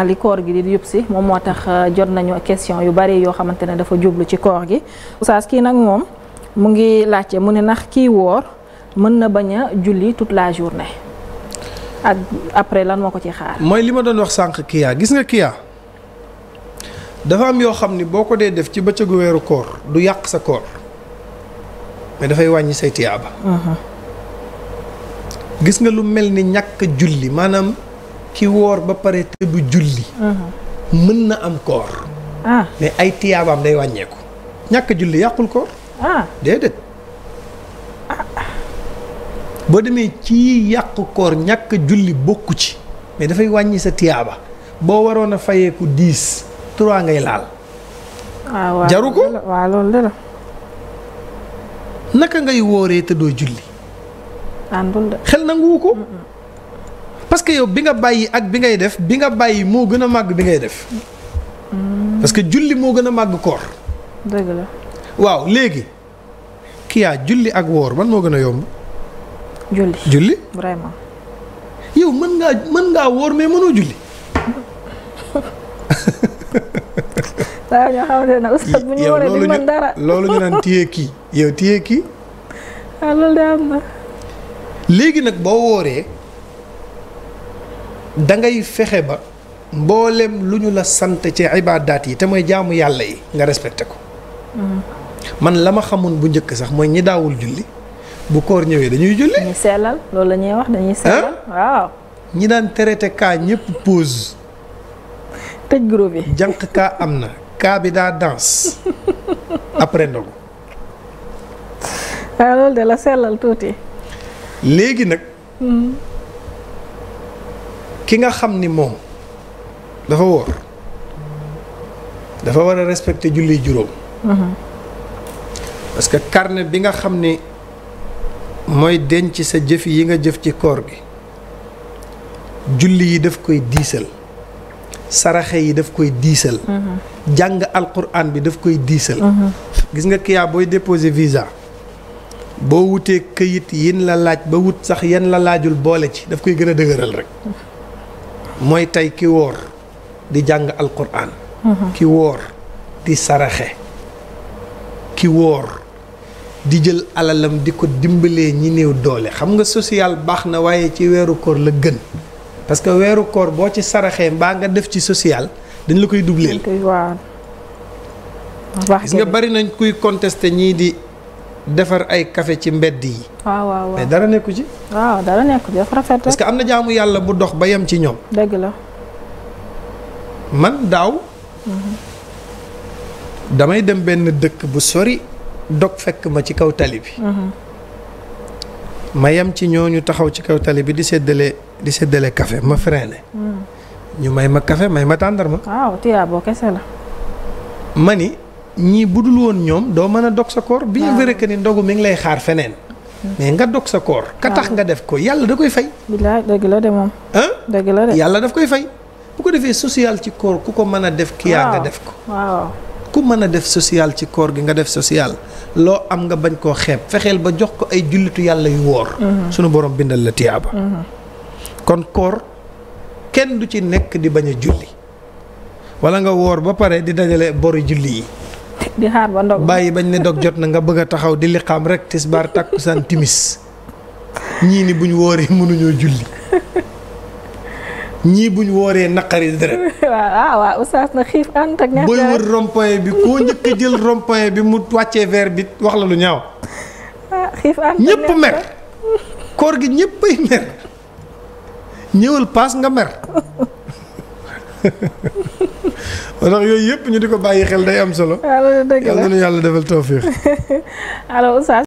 li koor gi di yub si moom moo tax euh, jot nañu question yu bari yoo xamante ne dafa jublu ci koor gi oustaz kii nag moom mu ngi laajte mu ne ndax kii woor mën na bañ a julli tout la journée ak après lan moo ko ci xaar mooy li ma doon wax sànq kiyaa gis nga kiyaa dafa am yoo xam ni boo ko dee def ci bëccëgu weeru koor du yàq sa koor mais dafay wàññi say tiyaaba mhm. gis nga lu mel ni ñàkk julli maanaam ki woor ba pare te du julli. Uh-huh. mën na am koor. ah mais ay tiyaabaam day wàññeeku. ñàkk julli yàqul koor. ah déedéet. boo demee ci yàq koor ñàkk julli bokk ci mais dafay wàññi sa tiyaaba boo waroon a fayeeku dix trois ngay laal. Ah, waaw jaru ko waaw loolu de la. naka ngay wooree te doo julli. àndul de xel ko. parce que yow bi nga bàyyi ak bi ngay def bi nga bàyyi moo gën a màgg bi ngay def. parce que julli moo gën a màgg koor. waaw léegi. kiyaa julli ak woor ban moo gën a yomb. julli yow mën ngaa mën ngaa woor mais mënoo julli. waaw ñoo xamante ne loolu ñu naan téye kii yow téye kii. Ah, léegi nag boo wooree. da ngay fexe ba mboolem lu ñu la sant ci ibaadaat yi te mooy jaamu yàlla yi nga respecté ko. Mm-hmm. man la ma xamoon bu njëkk sax mooy ñi daawul julli bu koor ñëwee dañuy julli. dañuy sellal loolu la ñuy wax dañuy sellal waaw. ñi daan traité kaa ñëpp pause. tëj groupe bi jànq cas am na kaa bi daa danse après ndogu. waaw ah, loolu de la sellal tuuti. léegi nag. Mm-hmm. ki nga xam ni moom dafa wóor dafa war a respecter julli juróom. Mhm. parce que carnet bi nga xam ni mooy denc sa jëf yi nga jëf ci koor gi julli yi daf koy diisal saraxe yi daf koy diisal. Mhm. jàng alquran bi daf koy diisal. Mhm. gis nga kiyaa booy déposer visa. boo wutee kayit yin la laaj ba wut sax yan la laajul boole ci daf koy gën a dëgëral rek. mooy tey ki woor di jàng alquran mhm. ki woor di saraxe ki woor di jël alalam di ko dimbalee ñi néew doole xam nga social baax na waaye ci weeru koor la gën parce que weeru koor boo ci saraxee mbaa nga def ci social dañ la koy dubleel gis nga bari nañ kuy contester ñii di defar ay kafe ci mbedd yi. waaw waaw mais dara nekku ci. waaw dara nekku ci dafa rafet parce que am na jaamu yàlla bu dox ba yem ci ñoom. dëgg la. man daaw. Mhm. damay dem benn dëkk bu sori dog fekk ma ci kaw tali bi. Mhm. ma yem ci ñoo ñu taxaw ci kaw tali bi di séddale di séddale café ma freiné. Mhm. ñu may ma café may ma tàndarma. waaw tiyaaboo kese la. ma ni ñii budul woon ñoom doo mën a dog sa koor. bi vrai que ni ndogu mi ngi lay xaar feneen. mais nga dog sa koor. ka tax nga def ko yàlla da koy fay. bilaay dëgg la de moom. dëgg la yàlla daf koy fay. bu ko defee social ci koor ku ko mën a def. ki yaa nga def ko waaw ku mën a def social ci koor gi nga def social loo am nga bañ koo xeeb fexeel ba jox ko ay jullitu yàlla yu woor. Mhm. sunu borom bindal la tiyaaba. Mhm. kon koor kenn du ci nekk di bañ a julli. wala nga woor ba pare di dajale boru julli yi. di ba ndog. bàyyi bañ ne dog jot na nga bëgg a taxaw di liqaam rek tisbaar takkusaan timis ñii ni buñ wooree mënuñoo julli ñii buñ wooree naqari dara. waaw ah, booy wër rond bi koo njëkk jël rond bi mu wàccee verre bi wax la lu ñaaw. Ah, xiif mer. koor gi ñëppay mer. ñëwal paas nga mer. ndax yooyu yëpp ñu di ko bàyyi xel day am solo. yàlla na yàlla defal tawfiq alors oustaz